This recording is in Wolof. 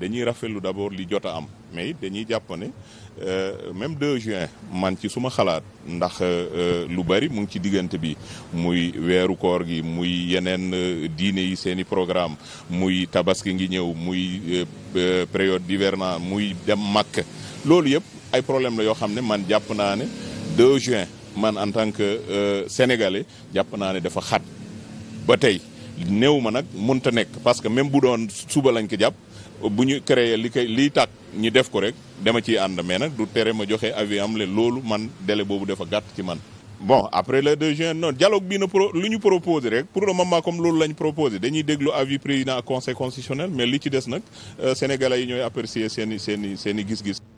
dañuy rafetlu d'abord li jot a am mais dañuy jàpp ne euh, même 2 juin man ci suma xalaat ndax euh, euh, lu bari mu ci diggante bi muy weeru koor gi muy yeneen diine yi seen i programme muy tabaski ngi ñëw muy période d'hivernage muy dem màkk loolu yëpp ay problème la yoo xam ne man jàpp naa ne 2 juin man en tant que sénégalais jàpp naa ne dafa xat ba tey néew ma nag mun mënta nekk parce que même bu doon suba lañ ko jàpp. bu ñu créer li koy liy tàkk ñi def ko rek dama ciy ànd mais nag du tere ma joxe avis am le loolu man délai boobu dafa gàtt ci man. bon après le 2 juin non dialogue bii na pro lu ñu proposé rek pour le moment comme loolu la ñu proposé dañuy déglu avis président conseil constitutionnel mais li ci des nag euh, sénégalais yi ñooy apprécier seen i seen i gis-gis.